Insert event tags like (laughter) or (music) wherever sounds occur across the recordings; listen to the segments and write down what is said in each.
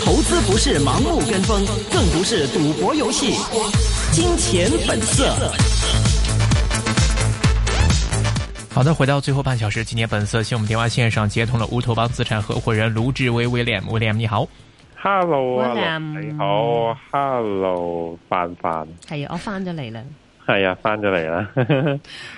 投資不是盲目跟風，更不是賭博遊戲。金錢本色。好的，回到最後半小時，今天本色，請我們電話線上接通了烏托邦資產合伙人盧志威 William，William 你好，Hello，你好，Hello，范范。係啊，我翻咗嚟啦！係啊，翻咗嚟啦！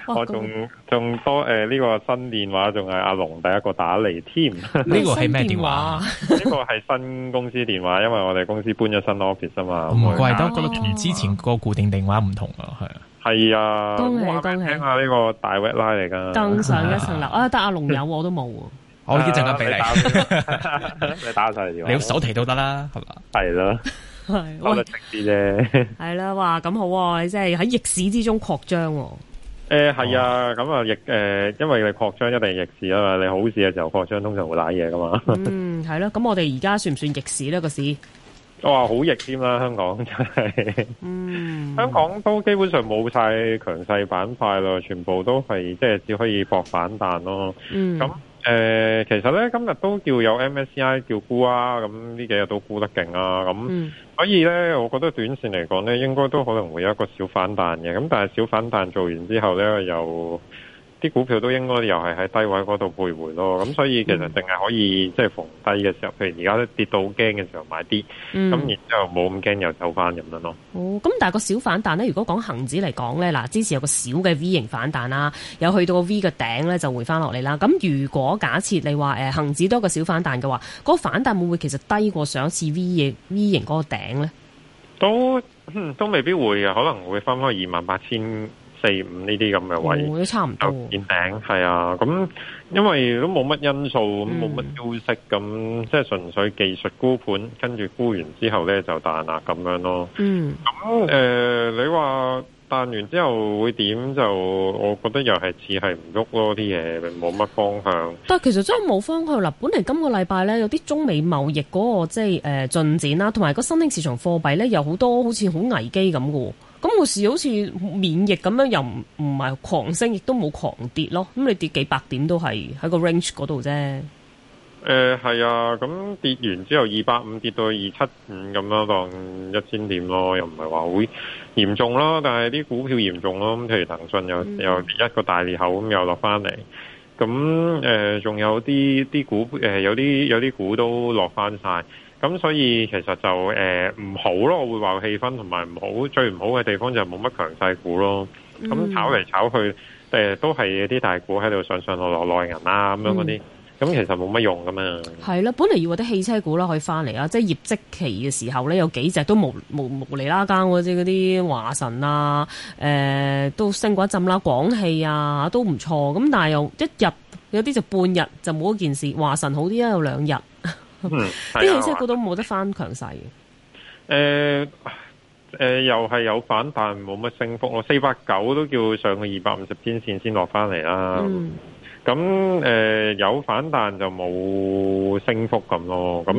我仲仲多誒，呢、呃這個新電話仲係阿龍第一個打嚟添。呢、這個係咩電話？呢 (laughs) 個係新公司電話，因為我哋公司搬咗新 office 啊嘛。唔怪不得，覺得同之前個固定電話唔同啊，係啊。係啊，恭喜恭喜！下、這、呢個 direct line 嚟噶，更上一層樓 (laughs) 啊！得阿龍有，我都冇、 (laughs) 啊。我已經陣間俾你，你打晒 (laughs) (laughs) 電話，你要手提都得啦，係 (laughs) 嘛是吧？係啦。我哋直啲啫，係 (noise) 啦樂， (laughs) 哇，咁好、啊，你即係喺逆市之中擴張，誒，係啊，咁、呃、啊，逆誒、哦呃，因為你擴張一定係逆市啊嘛，你好市嘅時候擴張通常會瀨嘢噶嘛，嗯，係咯，咁我哋而家算唔算逆市咧個市？我哇，好逆添、啊、啦，香港真係，嗯， (laughs) 香港都基本上冇晒強勢板塊咯，全部都係即係只可以博反彈咯，嗯，咁。誒、呃，其實咧今日都叫有 MSCI 叫沽啊，咁呢幾日都沽得勁啊，咁、嗯、所以咧，我覺得短線嚟講咧，應該都可能會有一個小反彈嘅，咁但係小反彈做完之後咧又。啲股票都應該又係喺低位嗰度徘徊咯，咁所以其實淨係可以即係逢低嘅時候，譬如而家跌到好驚嘅時候買啲，咁、嗯、然之後冇咁驚又走翻咁樣咯。哦、嗯，咁但係個小反彈咧，如果講恒指嚟講咧，嗱之前有個小嘅 V 型反彈啦，有去到個 V 嘅頂咧就回翻落嚟啦。咁如果假設你話誒恆指多個小反彈嘅話，嗰、那個、反彈會唔會其實低過上一次 V 型 V 型嗰個頂咧？都、嗯、都未必會啊，可能會返翻二萬八千。四五呢啲咁嘅位、哦，都差唔多見頂，係啊，咁因為都冇乜因素，冇乜消息，咁即係純粹技術沽盤，跟住沽完之後咧就彈啦，咁樣咯。嗯、咁、呃、誒，你話彈完之後會點？就我覺得又係似係唔喐咯，啲嘢冇乜方向。但係其實真係冇方向啦。本嚟今個禮拜咧有啲中美貿易嗰、嗰個即係誒進展啦，同埋個新興市場貨幣咧有多好多好似好危機咁嘅。咁護士好似免疫咁樣，又唔唔係狂升，亦都冇狂跌咯。咁你跌幾百點都係喺個 range 嗰度啫。誒、呃，係啊，咁跌完之後二八五跌到二七五咁啦，當一千點咯，又唔係話好嚴重囉。但係啲股票嚴重咯，咁譬如騰訊又、嗯、又一個大裂口咁又落翻嚟。咁誒、仲、呃、有啲啲股誒、呃，有啲有啲股都落翻晒。咁所以其實就誒唔、呃、好咯，我會話氣氛同埋唔好，最唔好嘅地方就冇乜強勢股咯。咁、嗯、炒嚟炒去，誒、呃、都係啲大股喺度上上落落耐人啦。咁樣嗰啲。咁、嗯、其實冇乜用噶嘛。係啦，本嚟以為啲汽車股啦可以翻嚟啊，即係業績期嘅時候咧，有幾隻都無無無厘啦，間嗰啲嗰啲華晨啊，誒、呃、都升過一浸啦，廣汽啊都唔錯。咁但係又一日有啲就半日就冇一件事，華晨好啲啊，有兩日。啲汽車股都冇得翻強勢嘅，誒、啊、誒、啊啊，又係有反彈，冇乜升幅咯，四百九都叫上個二百五十天線先落翻嚟啦。咁、嗯、誒、啊，有反彈就冇升幅咁咯。咁咁，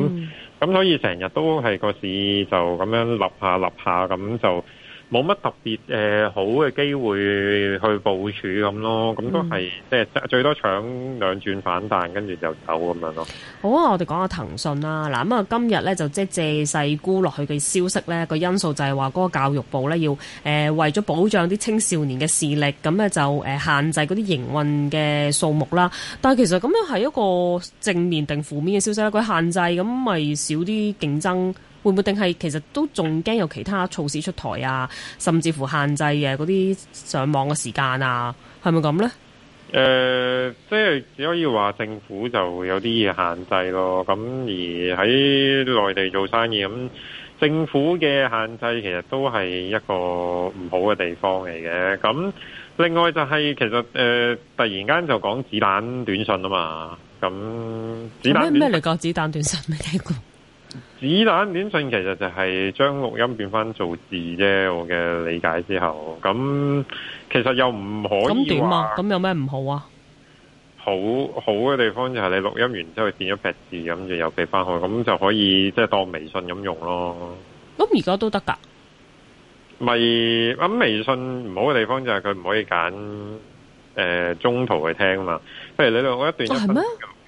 嗯、所以成日都係個市就咁樣立下立下咁就。冇乜特別誒、呃、好嘅機會去部署咁咯，咁都係、嗯、即係最多搶兩轉反彈，跟住就走咁樣咯。好啊，我哋講下騰訊啦。嗱，咁啊今日咧就即、是、係借勢沽落去嘅消息咧，個因素就係話嗰個教育部咧要誒、呃、為咗保障啲青少年嘅視力，咁咧就誒、呃、限制嗰啲營運嘅數目啦。但係其實咁樣係一個正面定負面嘅消息咧？佢限制咁咪少啲競爭。會唔會定係其實都仲驚有其他措施出台啊？甚至乎限制嘅嗰啲上網嘅時間啊？係咪咁咧？誒、呃，即係只可以話政府就有啲嘢限制咯。咁而喺內地做生意咁，政府嘅限制其實都係一個唔好嘅地方嚟嘅。咁另外就係其實誒、呃，突然間就講子彈短信啊嘛。咁子彈咩嚟講？個子彈短信未聽過。子彈短信其實就係將錄音變翻做字啫，我嘅理解之後，咁其實又唔可以點啊？咁有咩唔好啊？好好嘅地方就係你錄音完之後變咗撇字，咁就又俾翻去，咁就可以即係當微信咁用咯。咁而家都得噶？咪咁微信唔好嘅地方就係佢唔可以揀誒、呃、中途去聽啊嘛。譬如你錄個一段係咩？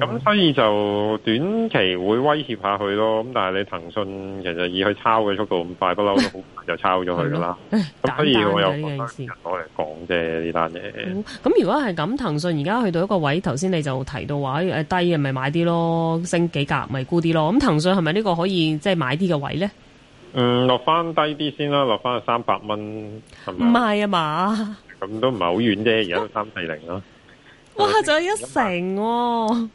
咁所以就短期會威脅下佢咯，咁但係你騰訊其實以佢抄嘅速度咁快，不嬲都好快就抄咗佢噶啦。咁、 (laughs) 嗯、所以呢件事，我嚟講啫呢單嘢。咁如果係咁，騰訊而家去到一個位，頭先你就提到話，誒低係咪買啲咯，升幾格咪沽啲咯。咁騰訊係咪呢個可以即係、就是、買啲嘅位咧？嗯，落翻低啲先啦，落翻三百蚊。唔係啊嘛？咁都唔係好遠啫，而家都三四零囉，哇！仲、嗯、有一成、啊。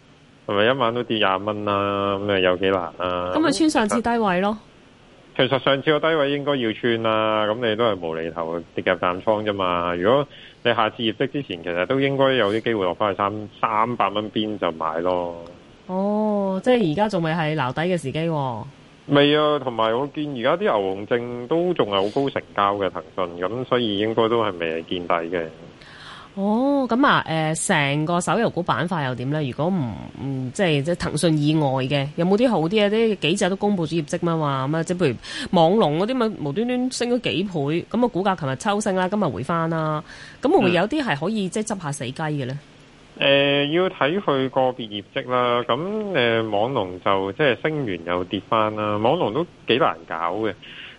係咪一晚都跌廿蚊啦？咁啊有幾難啊！咁咪穿上次低位咯？其實上次個低位應該要穿啦、啊。咁你都係無厘頭跌夾淡倉啫嘛。如果你下次業績之前，其實都應該有啲機會落翻去三三百蚊邊就買咯。哦，即係而家仲未係撈底嘅時機？未啊！同埋我見而家啲牛熊證都仲係好高成交嘅騰訊，咁所以應該都係未係見底嘅。哦，咁、嗯、啊，成個手遊股板塊又點咧？如果唔唔、嗯，即係即係騰訊以外嘅，有冇啲好啲啊？啲幾隻都公布咗業績嘛，咁啊，即係譬如網龍嗰啲，咪無端端升咗幾倍，咁啊股價琴日抽升啦，今日回翻啦，咁會唔會有啲係可以即係執下死雞嘅咧、呃？要睇佢個別業績啦。咁、呃、網龍就即係升完又跌翻啦。網龍都幾難搞嘅。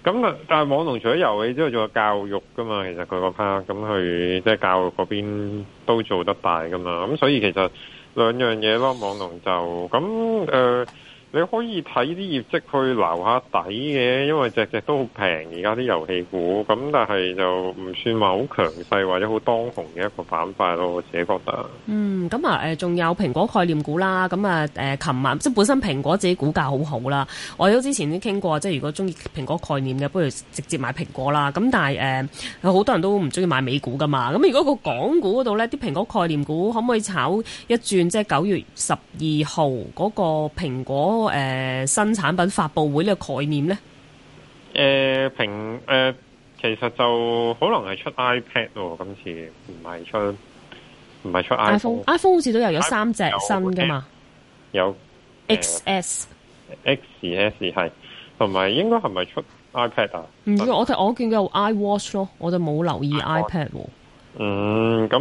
咁啊！但係網龍除咗遊戲之外，仲有教育噶嘛，其實佢個 part 咁佢即係教育嗰邊都做得大噶嘛。咁所以其實兩樣嘢咯，網龍就咁誒。你可以睇啲業績去留下底嘅，因為隻隻都好平。而家啲遊戲股，咁但係就唔算話好強勢或者好當紅嘅一個板塊咯，我自己覺得。嗯，咁啊，仲有蘋果概念股啦，咁啊，琴晚，即係本身蘋果自己股價好好啦。我哋都之前都傾過，即係如果中意蘋果概念嘅，不如直接買蘋果啦。咁但係誒，有好多人都唔中意買美股噶嘛。咁如果個港股嗰度呢，啲蘋果概念股可唔可以炒一轉？即係九月十二號嗰個蘋果，多、呃、誒新產品發布會呢個概念咧？誒、呃、平誒、呃、其實就可能係出 iPad 喎，今次唔係出唔係出 iPhone，iPhone iPhone, iPhone 好似都有有三隻新噶嘛？有，有、呃、XS XS 係同埋應該係咪出 iPad 啊？唔要我睇我見有 iWatch 咯，我就冇留意 iPad iPhone，嗯。嗯，咁、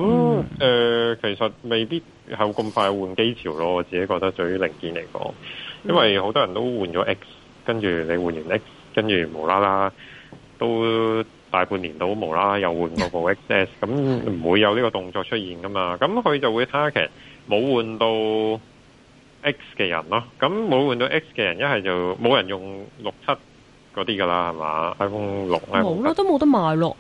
呃、誒其實未必係咁快換機潮咯，我自己覺得對於零件嚟講。因為好多人都換咗 X，跟住你換完 X，跟住無啦啦都大半年都無啦啦又換過部 XS，咁唔會有呢個動作出現噶嘛？咁佢就會 target 冇換到 X 嘅人咯。咁冇換到 X 嘅人，一係就冇人用六七嗰啲噶啦，係嘛？iPhone 六咧，冇啦，都冇得賣咯。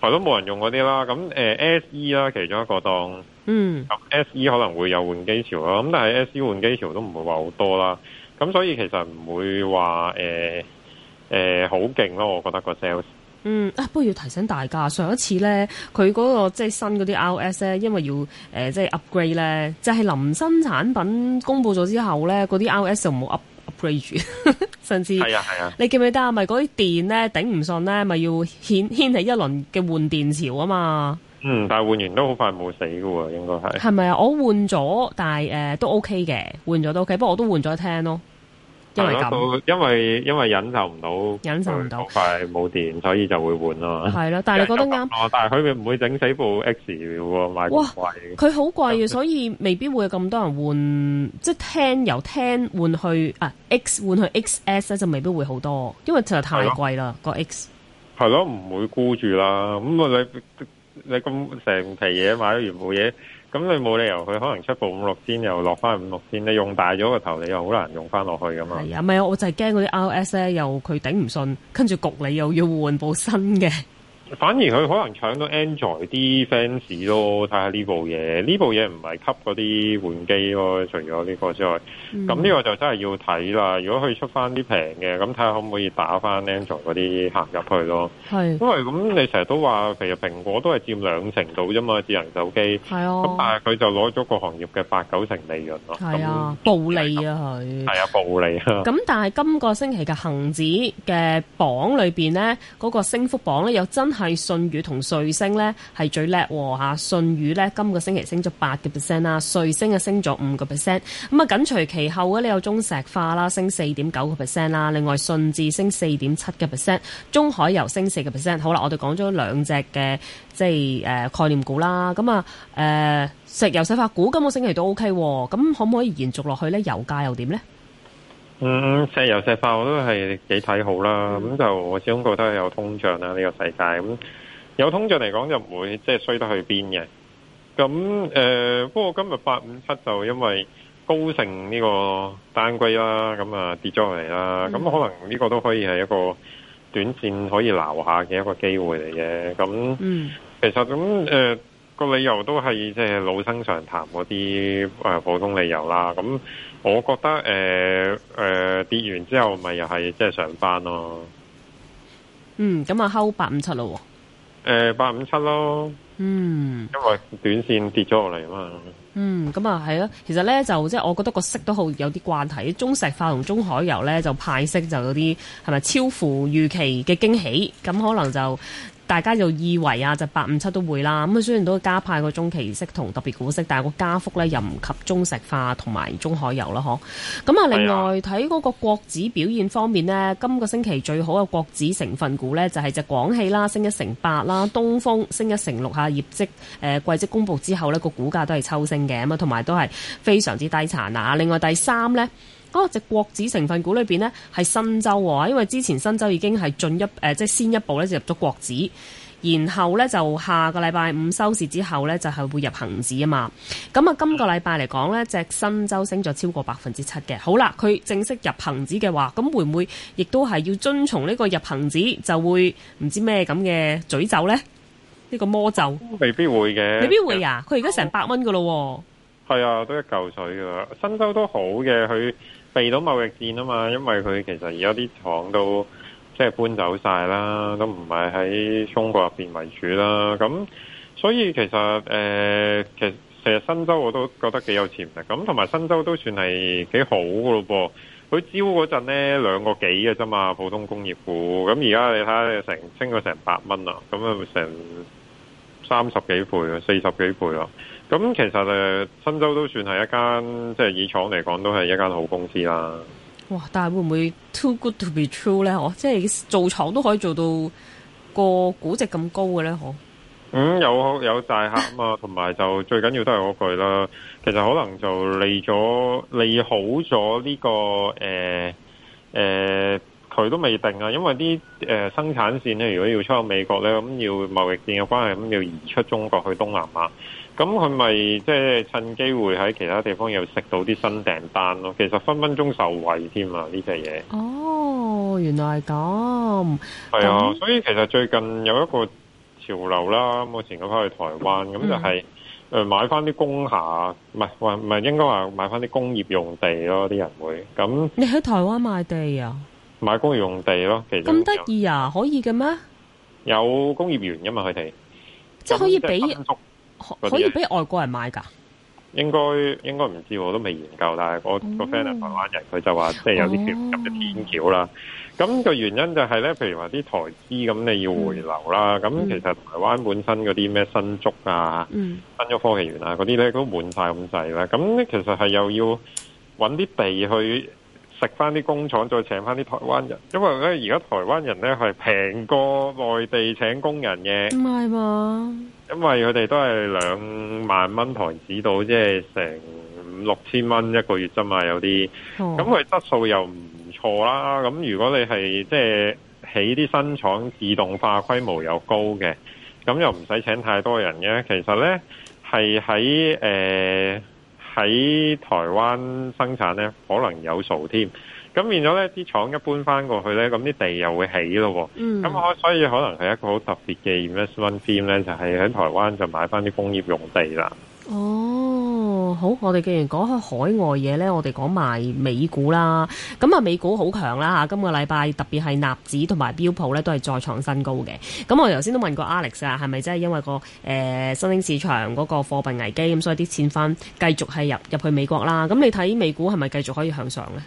係都冇人用嗰啲啦。咁誒、呃，SE 啦，其中一個檔。嗯，S E 可能會有換機潮咯，咁但係 S E 換機潮都唔會話好多啦，咁所以其實唔會話誒誒好勁咯，我覺得個 sales。嗯，啊，不過要提醒大家，上一次咧，佢嗰個即係新嗰啲 R S 咧，因為要誒、呃、即係 upgrade 咧，就係臨新產品公佈咗之後咧，嗰啲 R S 又冇 upgrade 住，甚至係啊係啊，你記唔記得啊？咪嗰啲電咧頂唔順咧，咪要掀掀起一輪嘅換電潮啊嘛！嗯，但係換完都好快冇死噶喎，應該係。係咪啊？我換咗，但係誒、呃、都 OK 嘅，換咗都 OK。不過我都換咗聽咯，因為因為因為忍受唔到，忍受唔到，好快冇電，所以就會換咯。係咯，但係你覺得啱？但係佢唔會整死部 X 喎，哇！佢好貴嘅，所以未必會有咁多人換，即係聽由聽換去啊 X 換去 XS 咧，就未必會好多，因為就太貴啦，個 X。係咯，唔會箍住啦。咁啊你？你咁成皮嘢買咗完部嘢，咁你冇理由佢可能出部五六千，又落翻五六千，你用大咗個頭，你又好難用翻落去噶嘛？係啊，係啊，我就係驚嗰啲 R O S 咧，又佢頂唔順，跟住焗你又要換部新嘅。反而佢可能搶到 Android 啲 fans 咯，睇下呢部嘢，呢部嘢唔係吸嗰啲換機咯，除咗呢個之外，咁、嗯、呢個就真係要睇啦。如果佢出翻啲平嘅，咁睇下可唔可以打翻 Android 嗰啲行入去咯。係，因為咁你成日都話，其實蘋果都係佔兩成度啫嘛，智能手機。係啊。咁但係佢就攞咗個行業嘅八九成利潤咯。係啊，暴利啊佢。係啊，暴利啊。咁但係今個星期嘅恒指嘅榜裏面咧，嗰個升幅榜咧又真。係信宇同瑞星咧，係最叻吓、啊，信宇咧今個星期升咗八個 percent 啦，瑞星啊升咗五個 percent，咁啊緊隨其後咧有中石化啦升四點九個 percent 啦，另外順治升四點七個 percent，中海油升四個 percent。好啦，我哋講咗兩隻嘅，即係誒、呃、概念股啦，咁啊誒石油石化股今個星期都 ok，咁、啊、可唔可以延續落去咧？油價又點咧？嗯，石油石化我都係幾睇好啦，咁、嗯、就我始終覺得有通脹啦，呢、這個世界咁有通脹嚟講就唔會即係衰得去邊嘅。咁誒、呃，不過今日八五七就因為高盛呢個單龜啦，咁啊跌咗落嚟啦，咁、嗯、可能呢個都可以係一個短線可以撈下嘅一個機會嚟嘅。咁，嗯，其實咁誒。個理由都係即係老生常談嗰啲誒普通理由啦，咁我覺得誒誒、呃呃、跌完之後咪又係即係上返咯。嗯，咁啊，收八五七咯。誒，八五七咯。嗯。因為短線跌咗落嚟啊嘛。嗯，咁啊係咯。其實咧就即係我覺得個色都好有啲關係。中石化同中海油咧就派息就有啲係咪超乎預期嘅驚喜，咁可能就。大家就以為啊，就八五七都會啦。咁啊，雖然都加派個中期息同特別股息，但係個加幅咧又唔及中石化同埋中海油啦。嗬。咁啊，另外睇嗰個國指表現方面呢，今個星期最好嘅國指成分股呢，就係隻廣汽啦，升一成八啦；東風升一成六下，業績誒、呃、季績公佈之後呢，個股價都係抽升嘅，咁啊，同埋都係非常之低殘啊。另外第三呢。哦，隻國指成分股裏面呢，係新州喎、哦，因為之前新州已經係進一誒、呃，即係先一步咧就入咗國指，然後咧就下個禮拜五收市之後咧就係會入恆指啊嘛。咁啊，今個禮拜嚟講咧，隻新州升咗超過百分之七嘅。好啦，佢正式入恆指嘅話，咁會唔會亦都係要遵從呢個入恆指，就會唔知咩咁嘅詛咒呢？呢、呢個魔咒未必會嘅，未必會，未必會啊！佢而家成百蚊噶咯，係啊，都一嚿水噶啦。新州都好嘅，佢。避到貿易戰啊嘛，因為佢其實而家啲廠都即係搬走晒啦，都唔係喺中國入邊為主啦。咁所以其實誒、呃，其實成日申洲我都覺得幾有潛力。咁同埋申洲都算係幾好噶咯噃。佢招嗰陣呢兩個幾嘅啫嘛，普通工業股。咁而家你睇下，你成升咗成百蚊啦，咁啊成三十幾倍啊，四十幾倍啦。咁其實誒，新洲都算係一間即係以廠嚟講，都係一間好公司啦。哇！但係會唔會 too good to be true 咧？哦，即係做廠都可以做到個估值咁高嘅咧？嗬？嗯，有有大客啊嘛，同 (laughs) 埋就最緊要都係嗰句啦。其實可能就利咗利好咗呢、這個誒誒，佢、呃呃、都未定啊。因為啲誒、呃、生產線咧，如果要出到美國咧，咁要貿易建嘅關係，咁要移出中國去東南亞。咁佢咪即係趁機會喺其他地方又食到啲新訂單咯。其實分分鐘受惠添啊！呢隻嘢哦，原來係咁。係啊，所以其實最近有一個潮流啦。我前幾日翻去台灣咁就係誒買翻啲工廈，唔係話唔係應該話買翻啲工業用地咯。啲人會咁。你喺台灣買地啊？買工業用地咯，其實咁得意啊！可以嘅咩？有工業園噶嘛？佢哋即係可以俾。可以俾外國人買㗎？應該應該唔知，我都未研究。但係、那、我個 friend 係、嗯那個、台灣人，佢就話，即係有啲咁嘅天橋啦。咁、哦那個原因就係、是、咧，譬如話啲台資咁，你要回流啦。咁、嗯、其實台灣本身嗰啲咩新竹啊、嗯，新竹科技園啊嗰啲咧都滿晒咁滯啦。咁其實係又要搵啲地去。食翻啲工廠，再請翻啲台灣人，因為咧而家台灣人咧係平過內地請工人嘅。唔係嘛？因為佢哋都係兩萬蚊台紙度，即係成五六千蚊一個月啫嘛，有啲。咁、哦、佢質素又唔錯啦。咁如果你係即係起啲新廠，自動化規模又高嘅，咁又唔使請太多人嘅。其實咧係喺誒。喺台灣生產呢，可能有數添。咁變咗呢啲廠一搬翻過去呢，咁啲地又會起咯。咁、mm. 所所以可能係一個好特別嘅 investment theme 呢，就係喺台灣就買翻啲工業用地啦。哦。哦、好！我哋既然講開海外嘢呢，我哋講埋美股啦。咁啊，美股好強啦吓，今個禮拜特別係納指同埋標普呢都係再創新高嘅。咁我頭先都問過 Alex 啊，係咪真係因為、個誒、呃、新興市場嗰個貨幣危機，咁所以啲錢翻繼續係入入去美國啦？咁你睇美股係咪繼續可以向上呢？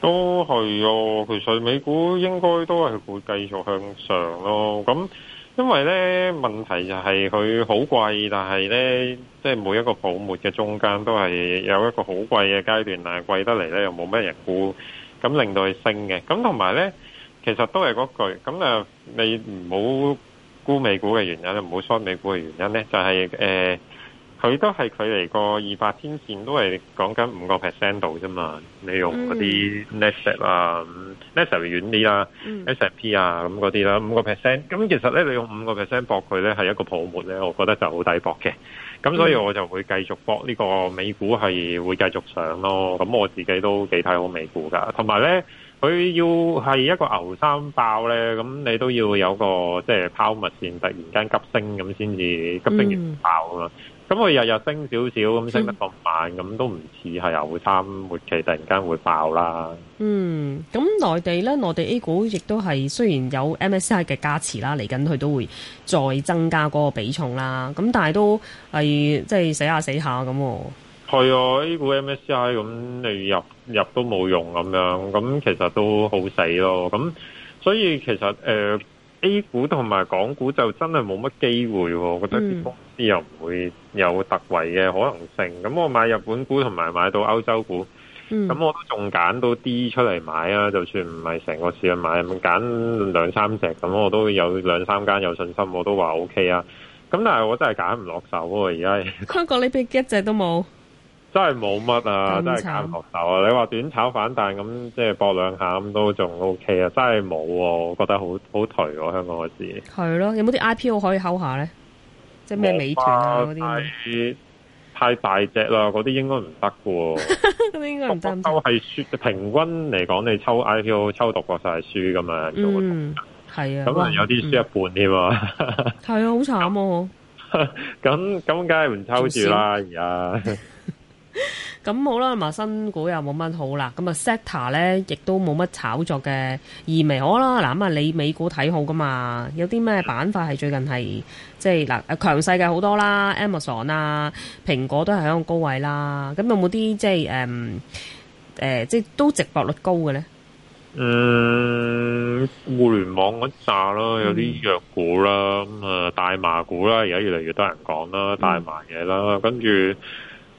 都係喎、哦，其實美股應該都係會繼續向上咯。咁。因為咧問題就係佢好貴，但係咧即係每一個泡沫嘅中間都係有一個好貴嘅階段啦，貴得嚟咧又冇咩人沽，咁令到佢升嘅。咁同埋咧，其實都係嗰句，咁啊你唔好沽美股嘅原因咧，你唔好衰美股嘅原因咧，就係誒。佢都係距離個二百天線都係講緊五個 percent 度啫嘛，你用嗰啲 Nasdaq 啊、mm -hmm. Nasdaq 遠啲啦、S and P 啊咁嗰啲啦，五個 percent。咁其實咧，你用五個 percent 搏佢咧，係一個泡沫咧，我覺得就好抵搏嘅。咁所以我就會繼續搏呢、這個美股係會繼續上咯。咁我自己都幾睇好美股噶。同埋咧，佢要係一個牛三爆咧，咁你都要有個即係、就是、拋物線突然間急升咁先至急升完爆嘛。Mm -hmm. 咁佢日日升少少，咁升得咁慢，咁都唔似係有三活期突然間會爆啦。嗯，咁內地咧，內地 A 股亦都係雖然有 MSCI 嘅加持啦，嚟緊佢都會再增加嗰個比重啦。咁但係都係即係死下死下咁、哦。係、嗯、啊，A 股 MSCI 咁、哦啊、你入入都冇用咁樣，咁其實都好死咯。咁所以其實誒、呃、A 股同埋港股就真係冇乜機會，我覺得、嗯。啲又唔會有突圍嘅可能性，咁我買日本股同埋買到歐洲股，咁、嗯、我都仲揀到啲出嚟買啊！就算唔係成個市去買，咁揀兩三隻咁，我都有兩三間有信心，我都話 O K 啊！咁但係我真係揀唔落手喎、啊，而家香港呢邊一隻都冇，真係冇乜啊！真係揀唔落手啊！你話短炒反彈咁，即係搏兩下咁都仲 O K 啊！真係冇、啊、我覺得好好頹、啊、香港市。係咯，有冇啲 I P O 可以睺下呢？即係咩美團啊嗰啲，太大隻啦，嗰啲應該唔得，咁應該唔得。抽，係輸，平均嚟講你抽 IPO 抽讀過曬書㗎嘛。嗯，係、那個、啊。咁可能有啲輸一半添、嗯、啊。係 (laughs) 啊，好慘啊！咁梗係唔抽住啦，而家。 (laughs) 咁好啦，埋新股又冇乜好啦，咁啊 sector 咧亦都冇乜炒作嘅意味好啦。嗱咁啊，你美股睇好㗎嘛？有啲咩板塊係最近係即係嗱強勢嘅好多啦，Amazon 啦、啊、蘋果都係喺個高位啦。咁有冇啲即係誒、嗯呃、即係都值博率高嘅咧？嗯，互聯網嗰啲炸咯，有啲弱股啦，咁啊、嗯呃、大麻股啦，而家越嚟越多人講啦，大麻嘢啦，嗯、跟住。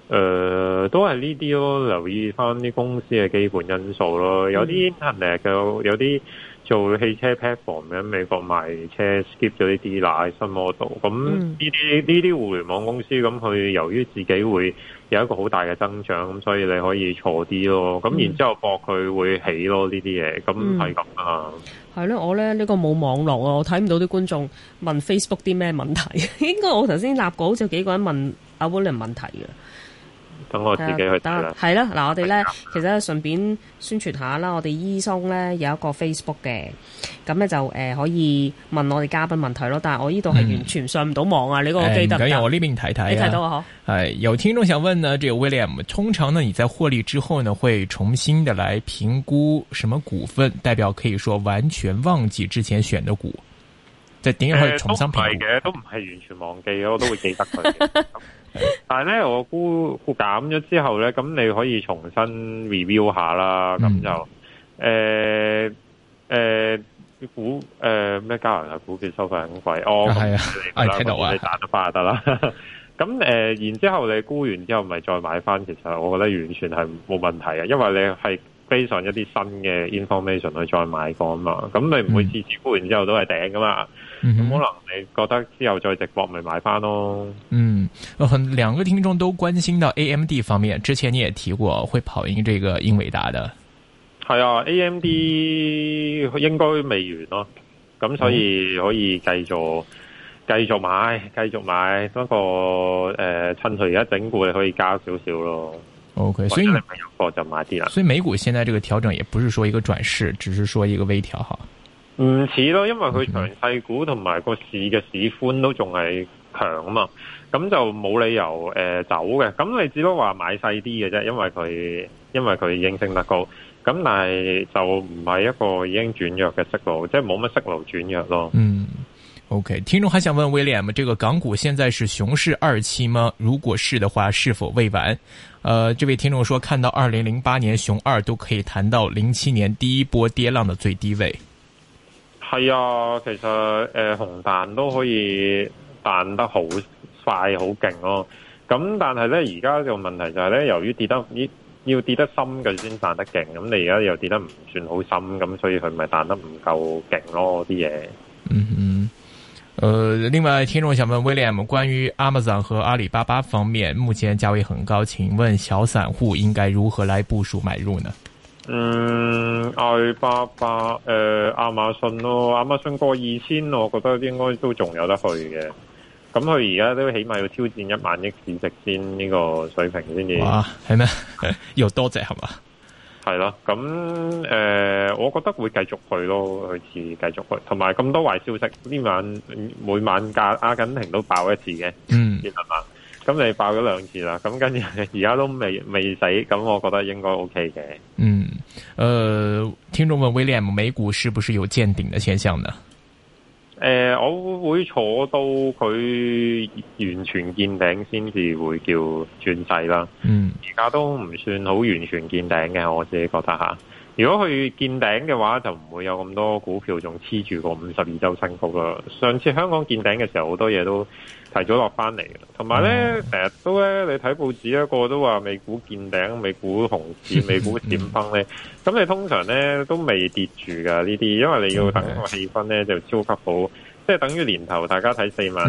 誒、呃，都係呢啲咯，留意翻啲公司嘅基本因素咯。有啲 Internet 嘅，有啲做汽車 platform 美國賣車，skip 咗啲啲奶新 model。咁呢啲呢啲互聯網公司咁，佢由於自己會有一個好大嘅增長，咁所以你可以錯啲咯。咁然之後博佢會起咯，呢啲嘢咁係咁啊。係咧、嗯，我咧呢、呢個冇網絡啊，我睇唔到啲觀眾問 Facebook 啲咩問題。 (laughs) 應該我頭先立過好似幾個人問阿 William 問題嘅。等我自己去睇啦、啊。係、啊、啦，嗱、啊啊啊，我哋咧，其實順便宣傳下啦，我哋醫生咧有一個 Facebook 嘅，咁咧就誒、呃、可以問我哋嘉賓問題咯。但係我呢度係完全上唔到網啊，嗯、你嗰個我記得。咁、嗯、由、哎、我呢邊睇睇。你睇到我好係有聽眾想問呢，這個 William，通常呢，你在獲利之後呢，會重新嘅來評估什麼股份，代表可以說完全忘記之前選的股。就點、是、樣可以重新評估，都唔係嘅，都唔係完全忘記嘅。我都會記得佢。 (laughs) 但係咧，我沽沽減咗之後咧，咁你可以重新 review 下啦。咁、嗯、就誒誒股誒咩？加易嘅股票收費係咁貴。我、呃、係、呃、啊、係、哦啊、聽到啊，你打得翻就得啦。咁 (laughs) 誒、呃，然之後你沽完之後，咪再買翻。其實我覺得完全係冇問題嘅，因為你係追上一啲新嘅 information 去再買過嘛。咁你唔會次次沽完之後都係頂噶嘛？咁、嗯、可能你覺得之後再直播咪買翻咯？嗯，有兩個聽眾都關心到 A M D 方面，之前你也提過會跑贏這個英偉達的。係啊，A M D 應該未完咯、啊，咁、嗯、所以可以繼續繼續買，繼續買。不過誒，趁佢而家整固，你可以加少少咯。O、okay, K，所以有貨就買啲啦。所以美股現在這個調整，也不是說一個轉勢，只是說一個微調哈。唔似咯，因為佢長勢股同埋個市嘅市寬都仲係強啊嘛，咁、嗯、就冇理由誒、呃、走嘅，咁你只不過話買細啲嘅啫，因為佢因為佢已經升得高，咁但係就唔係一個已經轉弱嘅色路，即係冇乜色路轉弱咯。嗯，OK，聽眾還想問 William，這個港股現在是熊市二期嗎？如果是的話，是否未完？誒、呃，這位聽眾說，看到二零零八年熊二都可以彈到零七年第一波跌浪的最低位。係啊，其實誒、呃，紅彈都可以彈得好快、好勁咯。咁但係咧，而家個問題就係、是、咧，由於跌得要跌得深嘅，先彈得勁，咁你而家又跌得唔算好深，咁所以佢咪彈得唔夠勁咯啲嘢。嗯嗯。誒、呃，另外聽眾想問 William，關於 Amazon 和阿里巴巴方面，目前價位很高，請問小散戶應該如何來部署買入呢？嗯，阿里巴巴，誒，亞馬遜咯，亞馬遜過二千，我覺得應該都仲有得去嘅。咁佢而家都起碼要挑戰一萬億市值先呢、呢個水平先至。哇，係咩？又多謝係嘛？係咯，咁誒、呃，我覺得會繼續去咯，去次繼續去，同埋咁多壞消息，呢晚每晚加阿根廷都爆一次嘅，嗯，其嘛？咁你爆咗兩次啦，咁跟住而家都未未死，咁我覺得應該 OK 嘅。嗯，誒、呃，聽眾問 William，美股是不是有見頂的現象呢？誒、呃，我會坐到佢完全見頂先至會叫轉勢啦。嗯，而家都唔算好完全見頂嘅，我自己覺得吓。如果去見頂嘅話，就唔會有咁多股票仲黐住個五十二週新高啦。上次香港見頂嘅時候，好多嘢都提早落翻嚟嘅。同埋咧，成日都咧，你睇報紙一個都話美股見頂，美股紅線，美股閃崩咧。咁、嗯、你通常咧都未跌住噶呢啲，因為你要等個氣氛咧就超級好，嗯、即係等於年頭大家睇四萬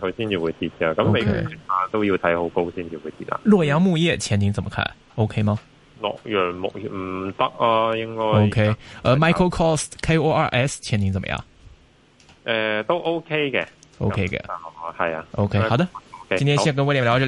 佢先至會跌嘅。咁美股啊都要睇好高先至會跌嘅。Okay. 洛陽牧業前景怎麼看？OK 嗎？洛陽钼業唔得啊，應該。O K，而 Michael Kors K O R S 前景怎麼樣？誒，都 O K 嘅，O K 嘅，係啊，O K，好的，今天先跟威廉聊就。